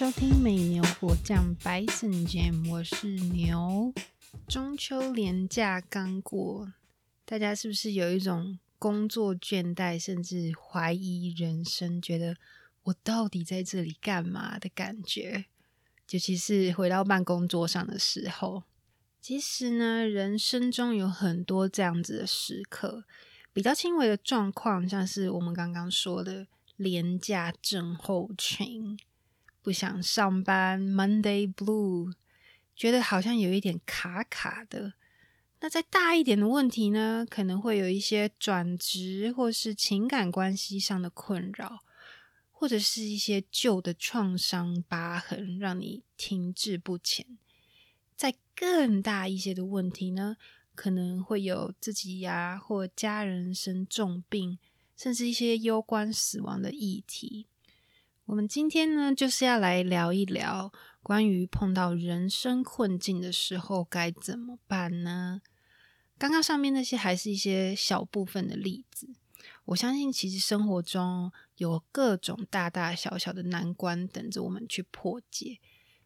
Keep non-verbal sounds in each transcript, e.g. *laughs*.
收聽美牛果醬，Bison Jam，我是牛。中秋連假剛過，大家是不是有一種工作倦怠，甚至懷疑人生，覺得我到底在這裡幹嘛的感覺？尤其是回到辦公桌上的時候。其實呢，人生中有很多這樣子的時刻，比較輕微的狀況，像是我們剛剛說的連假症候群。不想上班，Monday Blue，覺得好像有一點卡卡的。那再大一點的問題呢，可能會有一些轉職或是情感關係上的困擾，或者是一些舊的創傷疤痕讓你停滯不前。再更大一些的問題呢，可能會有自己呀、啊、或家人生重病，甚至一些攸關死亡的議題。我們今天呢，就是要來聊一聊關於碰到人生困境的時候該怎麼辦呢？剛剛上面那些還是一些小部分的例子，我相信其實生活中有各種大大小小的難關等着我們去破解，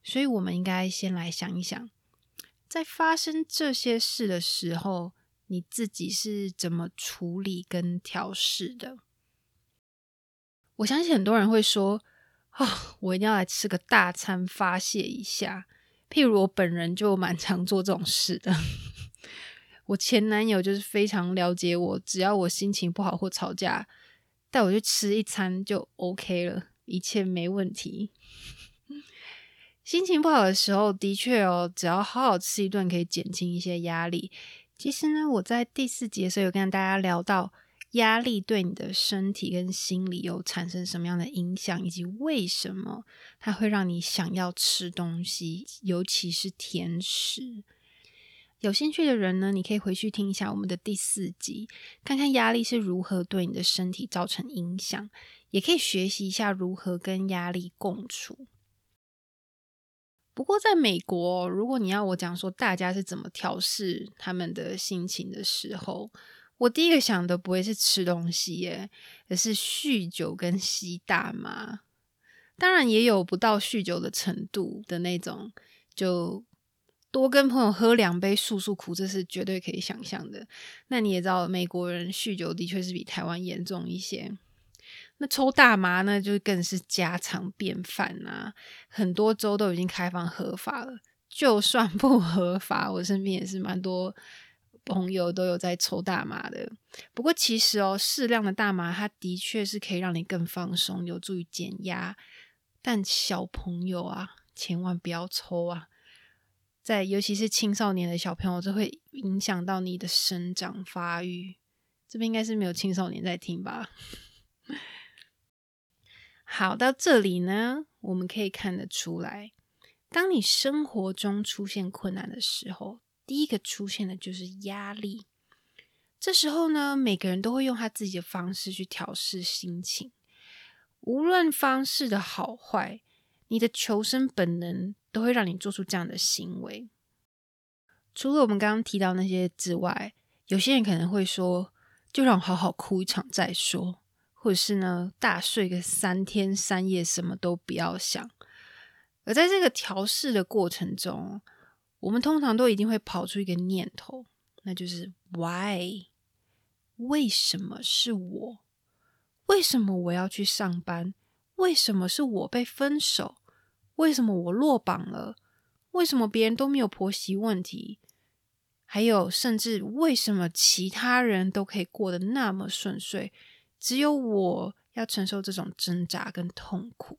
所以我們應該先來想一想，在發生這些事的時候，你自己是怎麼處理跟調試的？我相信很多人會說，哦，我一定要來吃個大餐發洩一下。譬如我本人就蠻常做這種事的。我前男友就是非常了解我，只要我心情不好或吵架，帶我去吃一餐就 OK 了，一切沒問題。心情不好的時候，的確哦，只要好好吃一頓，可以減輕一些壓力。其實呢，我在第四集的時候有跟大家聊到。壓力對你的身體跟心理有產生什麼樣的影響，以及為什麼它會讓你想要吃東西，尤其是甜食。有興趣的人呢，你可以回去聽一下我們的第四集，看看壓力是如何對你的身體造成影響，也可以學習一下如何跟壓力共處。不過，在美國，如果你要我講說大家是怎麼調適他們的心情的時候。我第一個想的不會是吃東西耶，而是酗酒跟吸大麻。當然也有不到酗酒的程度的那種，就多跟朋友喝兩杯訴訴苦，這是絕對可以想象的。那你也知道，美國人酗酒的確是比台灣嚴重一些。那抽大麻呢，就更是家常便飯吶。很多州都已經開放合法了，就算不合法，我身邊也是蠻多。朋友都有在抽大麻的。不過其實哦，適量的大麻，它的確是可以讓你更放鬆，有助於減壓。但小朋友啊，千萬不要抽啊！在尤其是青少年的小朋友，這會影響到你的生長發育。這邊應該是沒有青少年在聽吧？好，到這裡呢，我們可以看得出來，當你生活中出現困難的時候。第一個出現的就是壓力，這時候呢，每個人都會用他自己的方式去調適心情，無論方式的好壞，你的求生本能都會讓你做出這樣的行為。除了我們剛剛提到那些之外，有些人可能會說：“就讓我好好哭一場再說。”或者是呢，大睡個三天三夜，什麼都不要想。而在這個調適的過程中。我們通常都一定會跑出一個念頭，那就是 “why”，為什麼是我？為什麼我要去上班？為什麼是我被分手？為什麼我落榜了？為什麼別人都沒有婆媳問題？還有，甚至為什麼其他人都可以過得那麼順遂，只有我要承受這種掙扎跟痛苦。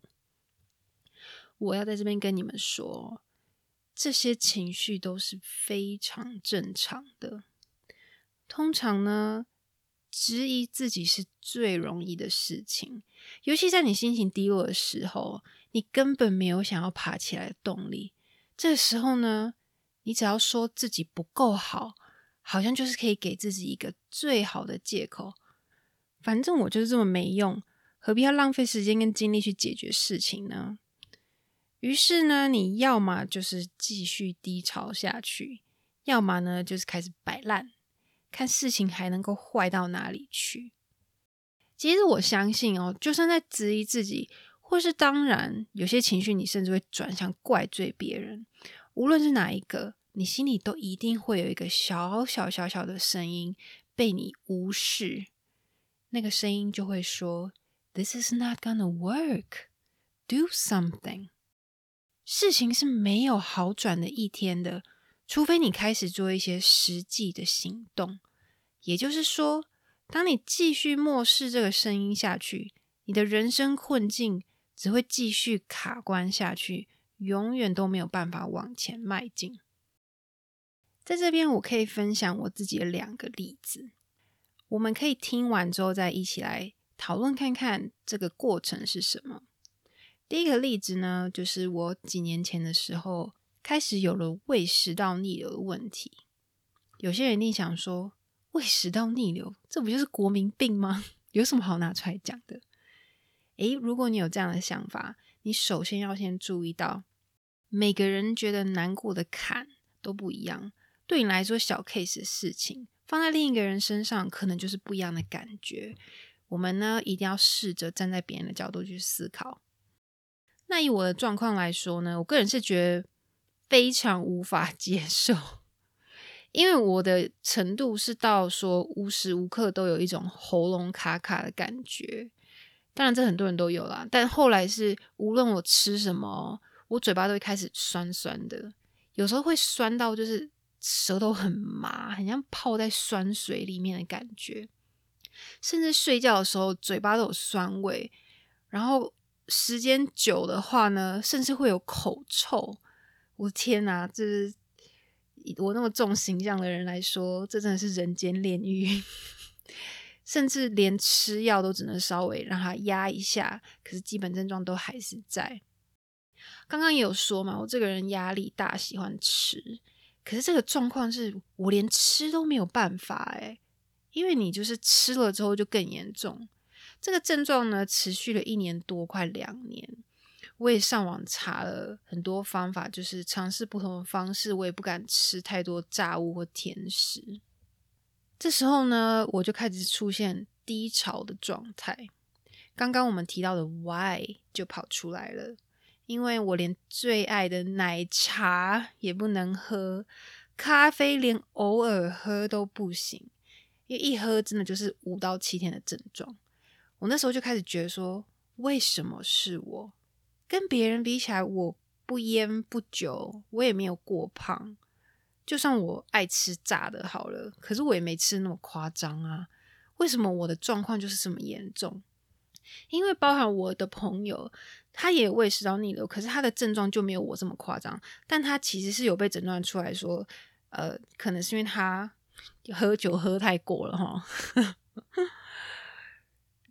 我要在這邊跟你們說。這些情緒都是非常正常的。通常呢，質疑自己是最容易的事情，尤其在你心情低落的時候，你根本沒有想要爬起來的動力。這個時候呢，你只要說自己不夠好，好像就是可以給自己一個最好的借口。反正我就是這麼沒用，何必要浪費時間跟精力去解決事情呢？於是呢，你要嘛就是繼續低潮下去，要嘛呢就是開始擺爛，看事情還能夠壞到哪裡去。其實我相信哦，就算在質疑自己，或是當然有些情緒，你甚至會轉向怪罪別人。無論是哪一個，你心裡都一定會有一個小小小小的聲音被你無視，那個聲音就會說：“This is not gonna work. Do something.” 事情是沒有好轉的一天的，除非你開始做一些實際的行動。也就是說，當你繼續漠視這個聲音下去，你的人生困境只會繼續卡關下去，永遠都沒有辦法往前邁進。在這邊，我可以分享我自己的兩個例子，我們可以聽完之後再一起來討論看看這個過程是什麼。第一個例子呢，就是我幾年前的時候開始有了胃食道逆流的問題。有些人一定想說，胃食道逆流這不就是國民病嗎？有什麼好拿出來講的？誒、欸，如果你有這樣的想法，你首先要先注意到，每個人覺得難過的坎都不一樣。對你來說小 case 的事情，放在另一個人身上，可能就是不一樣的感覺。我們呢，一定要試着站在別人的角度去思考。那以我的狀況來說呢，我個人是覺得非常無法接受，因為我的程度是到說無時無刻都有一種喉嚨卡卡的感覺。當然，這很多人都有啦。但後來是無論我吃什麼，我嘴巴都會開始酸酸的，有時候會酸到就是舌頭很麻，很像泡在酸水裡面的感覺。甚至睡覺的時候，嘴巴都有酸味，然後。時間久的話呢，甚至會有口臭。我天吶，這是以我那麼重形象的人來說，這真的是人間煉獄。 *laughs* 甚至連吃藥都只能稍微讓它壓一下，可是基本症狀都還是在。剛剛也有說嘛，我這個人壓力大，喜歡吃。可是這個狀況是我連吃都沒有辦法誒，因為你就是吃了之後就更嚴重。這個症狀呢，持續了一年多，快兩年。我也上網查了很多方法，就是嘗試不同的方式。我也不敢吃太多炸物或甜食。這時候呢，我就開始出現低潮的狀態。剛剛我們提到的 “why” 就跑出來了，因為我連最愛的奶茶也不能喝，咖啡連偶爾喝都不行，因為一喝真的就是五到七天的症狀。我那時候就開始覺得說，為什麼是我？跟別人比起來，我不菸不酒，我也沒有過胖。就算我愛吃炸的，好了，可是我也沒吃那麼誇張啊。為什麼我的狀況就是這麼嚴重？因為包含我的朋友，他也胃食道逆流，可是他的症狀就沒有我這麼誇張。但他其實是有被診斷出來說，呃，可能是因為他喝酒喝太過了哈。呵呵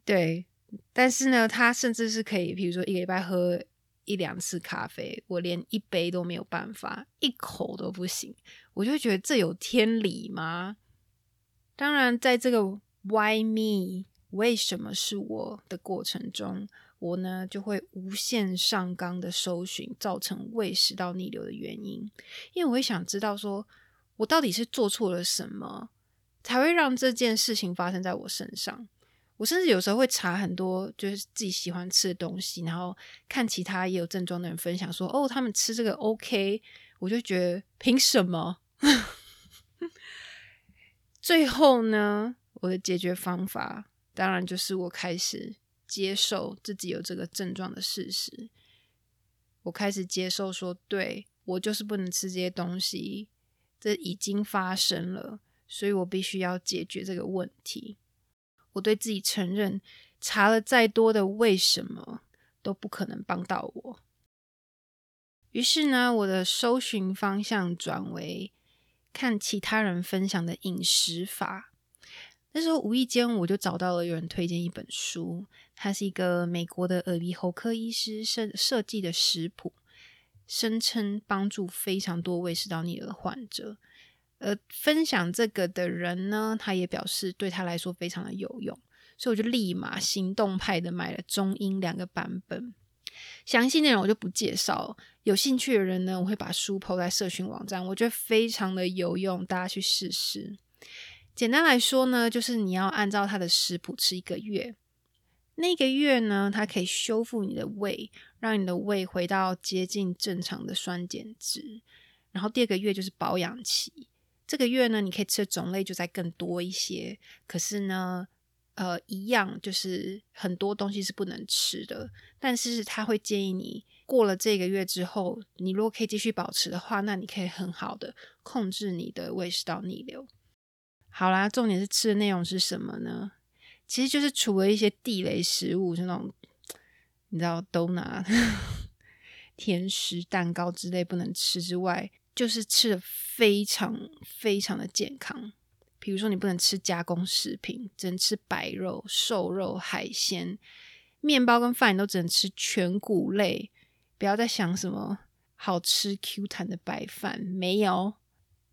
對，但是呢，他甚至是可以，比如說一個禮拜喝一兩次咖啡，我連一杯都沒有辦法，一口都不行。我就覺得這有天理嗎？當然，在這個 “Why me？” 為什麼是我的過程中，我呢就會無限上綱的搜尋造成胃食道逆流的原因，因為我會想知道說，我到底是做錯了什麼，才會讓這件事情發生在我身上。我甚至有時候會查很多就是自己喜歡吃的東西，然後看其他也有症狀的人分享說：“哦，他們吃這個 OK。”我就覺得憑什麼？ *laughs* 最後呢，我的解決方法當然就是我開始接受自己有這個症狀的事實。我開始接受說：“對，我就是不能吃這些東西，這已經發生了，所以我必須要解決這個問題。”我對自己承認，查了再多的為什麼都不可能幫到我。於是呢，我的搜尋方向轉為看其他人分享的飲食法。那時候無意間我就找到了有人推薦一本書，它是一個美國的耳鼻喉科醫師設設計的食譜，聲稱幫助非常多胃食道逆流的患者。呃，而分享這個的人呢，他也表示對他來說非常的有用，所以我就立馬行動派的買了中英兩個版本。詳細內容我就不介紹了，有興趣的人呢，我會把書 po 在社群網站。我覺得非常的有用，大家去試試。簡單來說呢，就是你要按照他的食譜吃一個月，那個月呢，它可以修復你的胃，讓你的胃回到接近正常的酸鹼值，然後第二個月就是保養期。這個月呢，你可以吃的種類就再更多一些。可是呢，呃，一樣就是很多東西是不能吃的。但是他會建議你過了這個月之後，你如果可以繼續保持的話，那你可以很好的控制你的胃食道逆流。好啦，重點是吃的內容是什麼呢？其實就是除了一些地雷食物，是那種你知道 donut *laughs* 甜食、蛋糕之類不能吃之外。就是吃得非常非常的健康，比如說你不能吃加工食品，只能吃白肉、瘦肉、海鮮、麵包跟飯，你都只能吃全穀類。不要再想什麼好吃 Q 彈的白飯，沒有。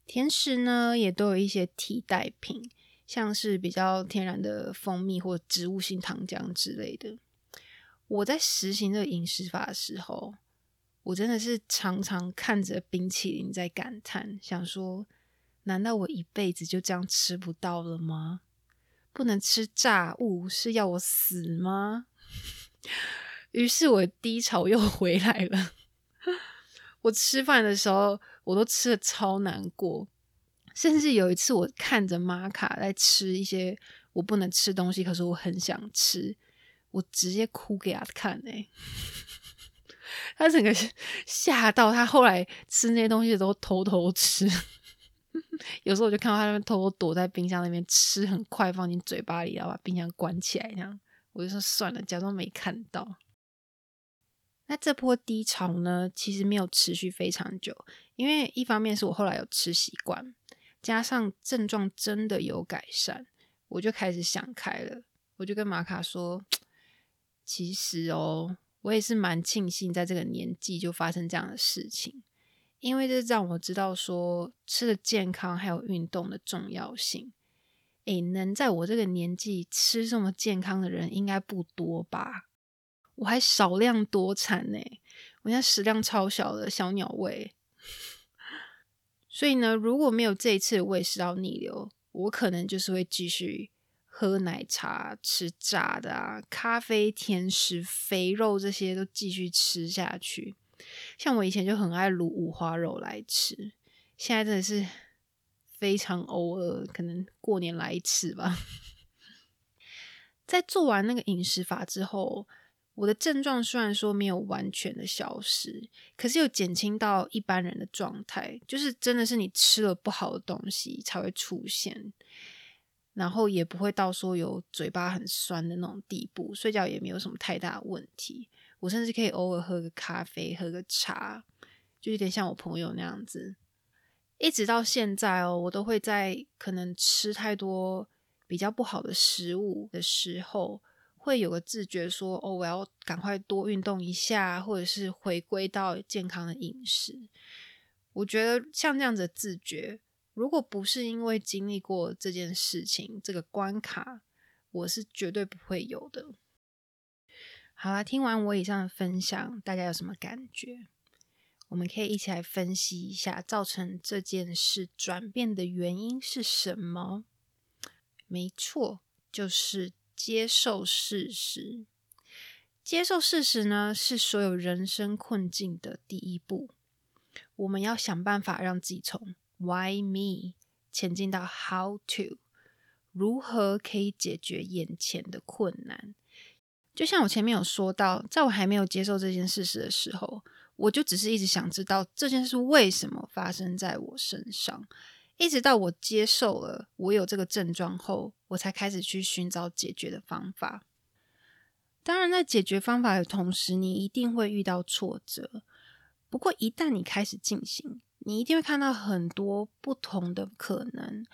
甜食呢，也都有一些替代品，像是比較天然的蜂蜜或植物性糖漿之類的。我在實行這個飲食法的時候，我真的是常常看着冰淇淋在感嘆，想說：難道我一輩子就這樣吃不到了嗎？不能吃炸物是要我死嗎？ *laughs* 於是我的低潮又回來了。 *laughs* 我吃飯的時候，我都吃得超難過，甚至有一次我看着瑪卡在吃一些我不能吃東西，可是我很想吃，我直接哭給他看哎、欸。 *laughs* 他整個嚇到，他後來吃那些東西都偷偷吃， *laughs* 有時候我就看到他那邊偷偷躲在冰箱那邊吃，很快放進嘴巴裡，然後把冰箱關起來。這樣我就說算了，假裝沒看到。那這波低潮呢，其實沒有持續非常久，因為一方面是我後來有吃習慣，加上症狀真的有改善，我就開始想開了，我就跟瑪卡說，其實哦。我也是蠻慶幸在這個年紀就發生這樣的事情，因為這讓我知道說吃的健康還有運動的重要性。誒，能在我這個年紀吃這麼健康的人應該不多吧？我還少量多餐呢。欸，我現在食量超小的小鳥胃。所以呢，如果沒有這一次胃食道逆流，我可能就是會繼續。喝奶茶、吃炸的啊，咖啡、甜食、肥肉這些都繼續吃下去。像我以前就很愛滷五花肉來吃，現在真的是非常偶爾，可能過年來一次吧。 *laughs* 在做完那個飲食法之後，我的症狀雖然說沒有完全的消失，可是又減輕到一般人的狀態，就是真的是你吃了不好的東西才會出現。然後也不會到說有嘴巴很酸的那種地步，睡覺也沒有什麼太大的問題。我甚至可以偶爾喝個咖啡，喝個茶，就有點像我朋友那樣子。一直到現在哦，我都會在可能吃太多比較不好的食物的時候，會有個自覺說：“哦，我要趕快多運動一下，或者是回歸到健康的飲食。”我覺得像這樣子的自覺。如果不是因為經歷過這件事情這個關卡，我是絕對不會有的。好啦，聽完我以上的分享，大家有什麼感覺？我們可以一起來分析一下造成這件事轉變的原因是什麼？沒錯，就是接受事實。接受事實呢，是所有人生困境的第一步。我們要想辦法讓自己從 Why me？前進到 How to？如何可以解決眼前的困難？就像我前面有說到，在我還沒有接受這件事實的時候，我就只是一直想知道這件事為什麼發生在我身上。一直到我接受了我有這個症狀後，我才開始去尋找解決的方法。當然，在解決方法的同時，你一定會遇到挫折。不過，一旦你開始進行，你一定會看到很多不同的可能，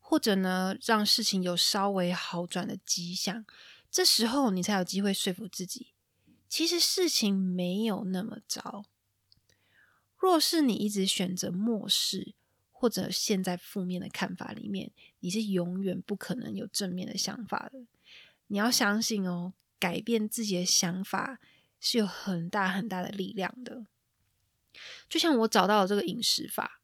或者呢，讓事情有稍微好轉的跡象。這時候，你才有機會說服自己，其實事情沒有那麼糟。若是你一直選擇漠視，或者陷在負面的看法裡面，你是永遠不可能有正面的想法的。你要相信哦，改變自己的想法是有很大很大的力量的。就像我找到了這個飲食法，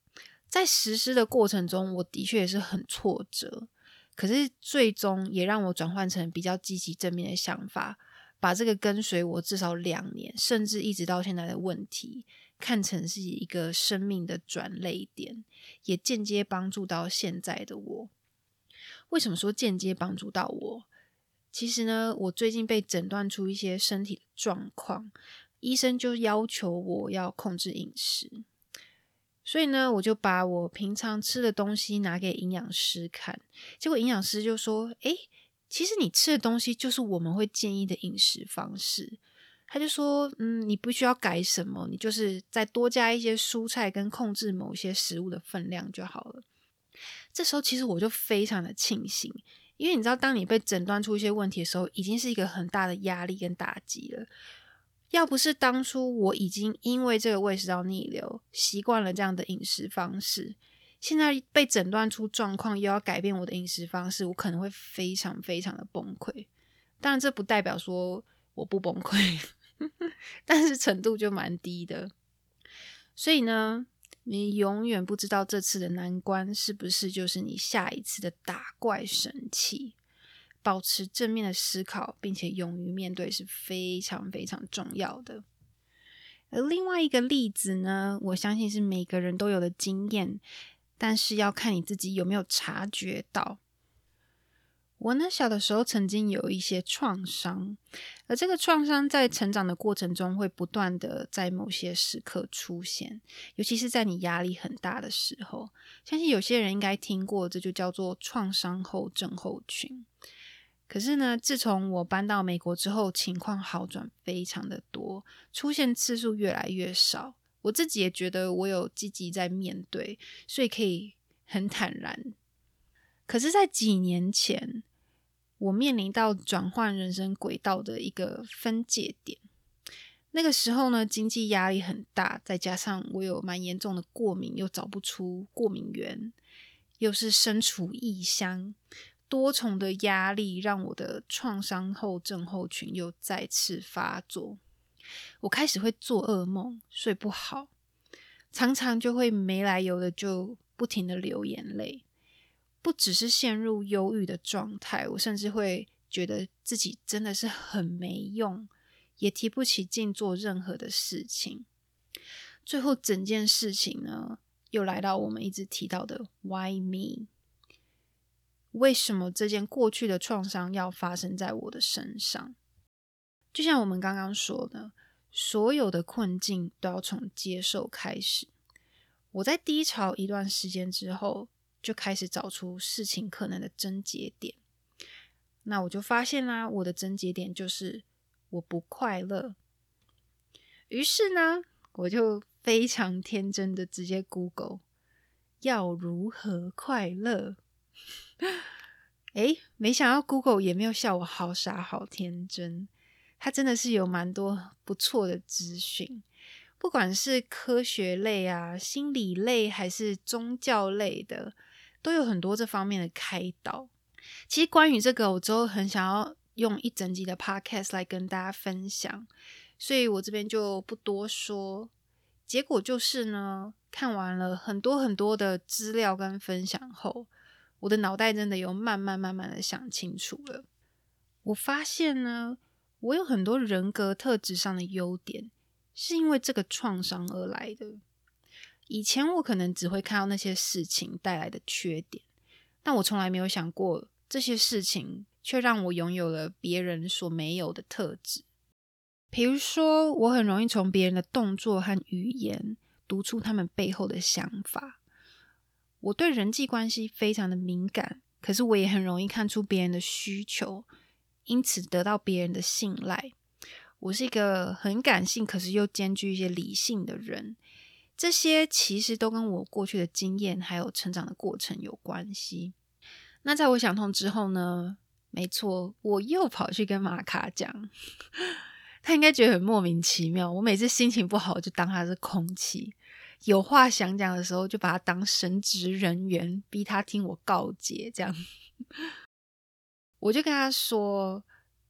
在實施的過程中，我的確也是很挫折，可是最終也讓我轉換成比較積極正面的想法，把這個跟隨我至少兩年，甚至一直到現在的問題，看成是一個生命的轉捩點，也間接幫助到現在的我。為什麼說間接幫助到我？其實呢，我最近被診斷出一些身體的狀況。醫生就要求我要控制飲食，所以呢，我就把我平常吃的東西拿給營養師看，結果營養師就說：“誒、欸，其實你吃的東西就是我們會建議的飲食方式。”他就說：“嗯，你不需要改什麼，你就是再多加一些蔬菜，跟控制某些食物的分量就好了。”這時候，其實我就非常的慶幸，因為你知道，當你被診斷出一些問題的時候，已經是一個很大的壓力跟打擊了。要不是當初我已經因為這個胃食道逆流習慣了這樣的飲食方式，現在被診斷出狀況，又要改變我的飲食方式，我可能會非常非常的崩潰。當然，這不代表說我不崩潰，但是程度就蠻低的。所以呢，你永遠不知道這次的難關是不是就是你下一次的打怪神器。保持正面的思考，並且勇於面對是非常非常重要的。而另外一個例子呢，我相信是每個人都有的經驗，但是要看你自己有沒有察覺到。我呢，小的時候曾經有一些創傷，而這個創傷在成長的過程中會不斷的在某些時刻出現，尤其是在你壓力很大的時候。相信有些人應該聽過，這就叫做創傷後症候群。可是呢，自從我搬到美國之後，情況好轉非常的多，出現次數越來越少。我自己也覺得我有積極在面對，所以可以很坦然。可是在幾年前，我面臨到轉換人生軌道的一個分界點。那個時候呢，經濟壓力很大，再加上我有蠻嚴重的過敏，又找不出過敏源，又是身處異鄉。多重的壓力讓我的創傷後症候群，又再次發作，我開始會做噩夢，睡不好，常常就會沒來由的就不停的流眼淚，不只是陷入憂鬱的狀態，我甚至會覺得自己真的是很沒用，也提不起勁做任何的事情，最後整件事情呢，又來到我們一直提到的 “Why me”。為什麼這件過去的創傷要發生在我的身上？就像我們剛剛說的，所有的困境都要從接受開始。我在低潮一段時間之後，就開始找出事情可能的症結點。那我就發現啦，我的症結點就是我不快樂。於是呢，我就非常天真的直接 Google，要如何快樂。哎，沒想到 Google 也沒有笑我，好傻，好天真。它真的是有蠻多不錯的資訊，不管是科學類啊、心理類還是宗教類的，都有很多這方面的開導。其實關於這個，我之後很想要用一整集的 Podcast 來跟大家分享，所以我這邊就不多說。結果就是呢，看完了很多很多的資料跟分享後。我的腦袋真的有慢慢慢慢的想清楚了。我發現呢，我有很多人格特質上的優點，是因為這個創傷而來的。以前我可能只會看到那些事情帶來的缺點，但我從來沒有想過，這些事情卻讓我擁有了別人所沒有的特質。比如說，我很容易從別人的動作和語言讀出他們背後的想法。我對人際關係非常的敏感，可是我也很容易看出別人的需求，因此得到別人的信賴。我是一個很感性，可是又兼具一些理性的人。這些其實都跟我過去的經驗還有成長的過程有關係。那在我想通之後呢，沒錯，我又跑去跟瑪卡講， *laughs* 他應該覺得很莫名其妙。我每次心情不好，就當他是空氣。有話想講的時候，就把他當神職人員，逼他聽我告解。這樣，我就跟他說：“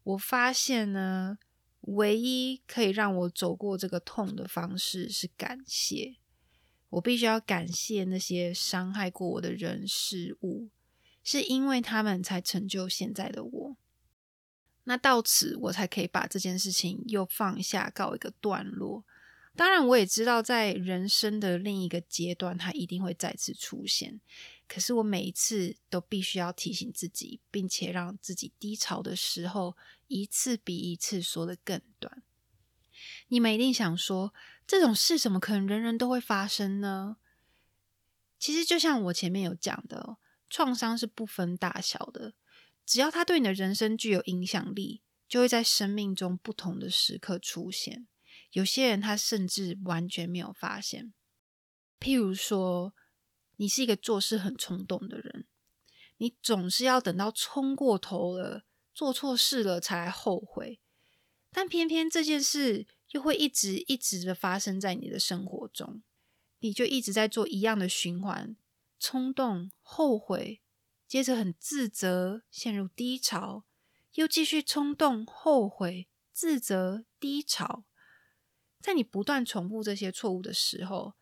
我發現呢，唯一可以讓我走過這個痛的方式是感謝。我必須要感謝那些傷害過我的人事物，是因為他們才成就現在的我。那到此，我才可以把這件事情又放下，告一個段落。”當然，我也知道，在人生的另一個階段，它一定會再次出現。可是，我每一次都必須要提醒自己，並且讓自己低潮的時候一次比一次說得更短。你們一定想說，這種事怎麼可能人人都會發生呢？其實，就像我前面有講的，創傷是不分大小的，只要它對你的人生具有影響力，就會在生命中不同的時刻出現。有些人他甚至完全沒有發現，譬如說，你是一個做事很衝動的人，你總是要等到衝過頭了，做錯事了才來後悔，但偏偏這件事又會一直一直的發生在你的生活中，你就一直在做一樣的循環：衝動、後悔，接着很自責，陷入低潮，又繼續衝動、後悔、自責、低潮。在你不斷重複這些錯誤的時候，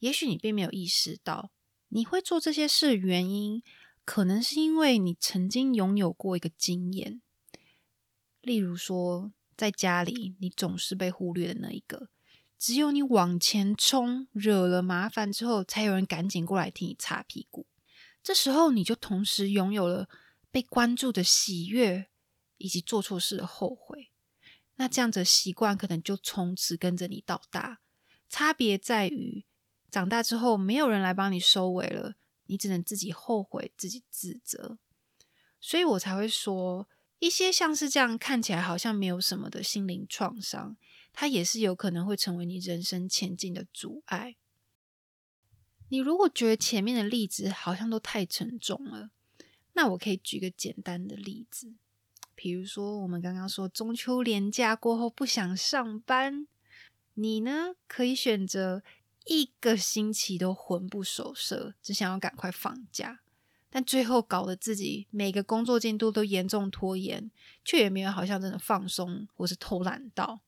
也許你並沒有意識到，你會做這些事的原因，可能是因為你曾經擁有過一個經驗，例如說，在家裡你總是被忽略的那一個，只有你往前衝惹了麻煩之後，才有人趕緊過來替你擦屁股。這時候，你就同時擁有了被關注的喜悅，以及做錯事的後悔。那這樣子的習慣可能就從此跟着你到大，差別在於長大之後沒有人來幫你收尾了，你只能自己後悔、自己自責。所以我才會說，一些像是這樣看起來好像沒有什麼的心靈創傷，它也是有可能會成為你人生前進的阻礙。你如果覺得前面的例子好像都太沉重了，那我可以舉個簡單的例子。比如說，我們剛剛說中秋連假過後不想上班，你呢可以選擇一個星期都魂不守舍，只想要趕快放假，但最後搞得自己每個工作進度都嚴重拖延，卻也沒有好像真的放鬆或是偷懶到。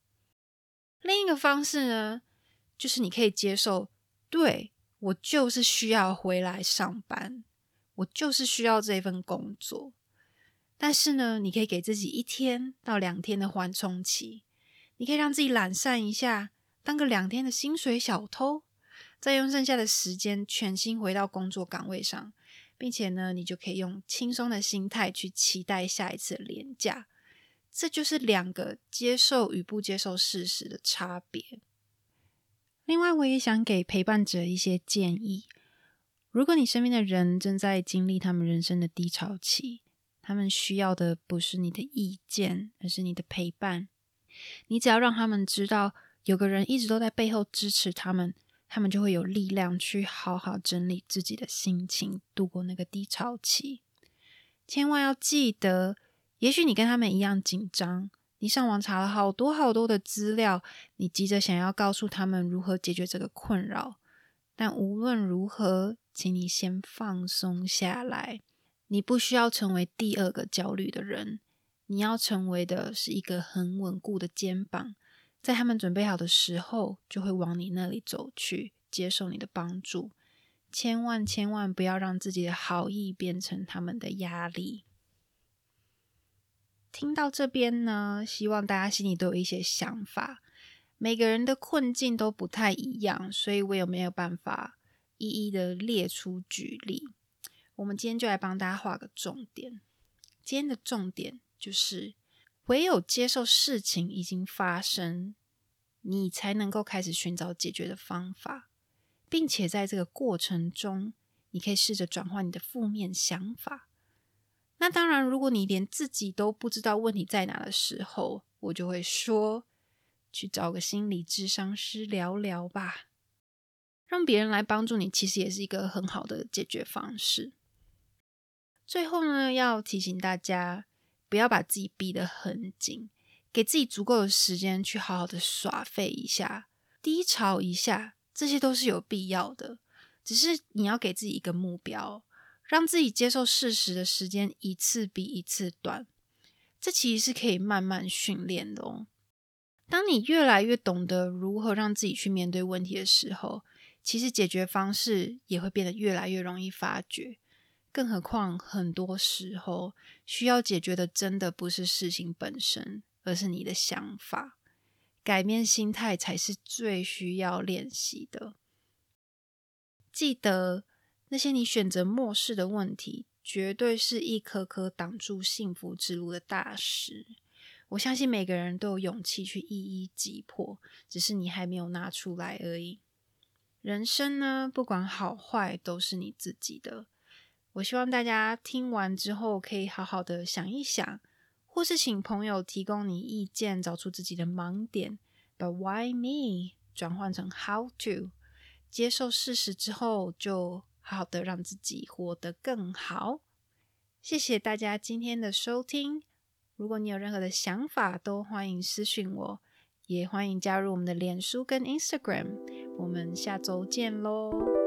另一個方式呢，就是你可以接受，對，我就是需要回來上班，我就是需要這份工作。但是呢，你可以給自己一天到兩天的緩衝期，你可以讓自己懶散一下，當個兩天的薪水小偷，再用剩下的時間全心回到工作崗位上，並且呢，你就可以用輕鬆的心態去期待下一次的連假。這就是兩個接受與不接受事實的差別。另外，我也想給陪伴者一些建議：如果你身邊的人正在經歷他們人生的低潮期，他們需要的不是你的意見，而是你的陪伴。你只要讓他們知道，有個人一直都在背後支持他們，他們就會有力量去好好整理自己的心情，度過那個低潮期。千萬要記得，也許你跟他們一樣緊張，你上網查了好多好多的資料，你急着想要告訴他們如何解決這個困擾，但無論如何，請你先放鬆下來。你不需要成為第二個焦慮的人，你要成為的是一個很穩固的肩膀，在他們準備好的時候，就會往你那裡走去，接受你的幫助。千萬千萬不要讓自己的好意變成他們的壓力。聽到這邊呢，希望大家心裡都有一些想法。每個人的困境都不太一樣，所以我也沒有辦法一一的列出舉例。我們今天就來幫大家畫個重點。今天的重點就是，唯有接受事情已經發生，你才能夠開始尋找解決的方法，並且在這個過程中，你可以試着轉換你的負面想法。那當然，如果你連自己都不知道問題在哪的時候，我就會說去找個心理諮商師聊聊吧，讓別人來幫助你，其實也是一個很好的解決方式。最後呢，要提醒大家，不要把自己逼得很緊，給自己足夠的時間去好好的耍廢一下、低潮一下，這些都是有必要的。只是你要給自己一個目標，讓自己接受事實的時間一次比一次短。這其實是可以慢慢訓練的哦。當你越來越懂得如何讓自己去面對問題的時候，其實解決方式也會變得越來越容易發掘。更何況，很多時候需要解決的，真的不是事情本身，而是你的想法。改變心態才是最需要練習的。記得，那些你選擇漠視的問題，絕對是一顆顆擋住幸福之路的大石。我相信每個人都有勇氣去一一擊破，只是你還沒有拿出來而已。人生呢，不管好壞，都是你自己的。我希望大家聽完之後，可以好好的想一想，或是請朋友提供你意見，找出自己的盲點，把 “why me” 轉換成 “how to”，接受事實之後，就好好的讓自己活得更好。謝謝大家今天的收聽。如果你有任何的想法，都歡迎私訊我，也歡迎加入我們的臉書跟 Instagram。我們下周見嘍！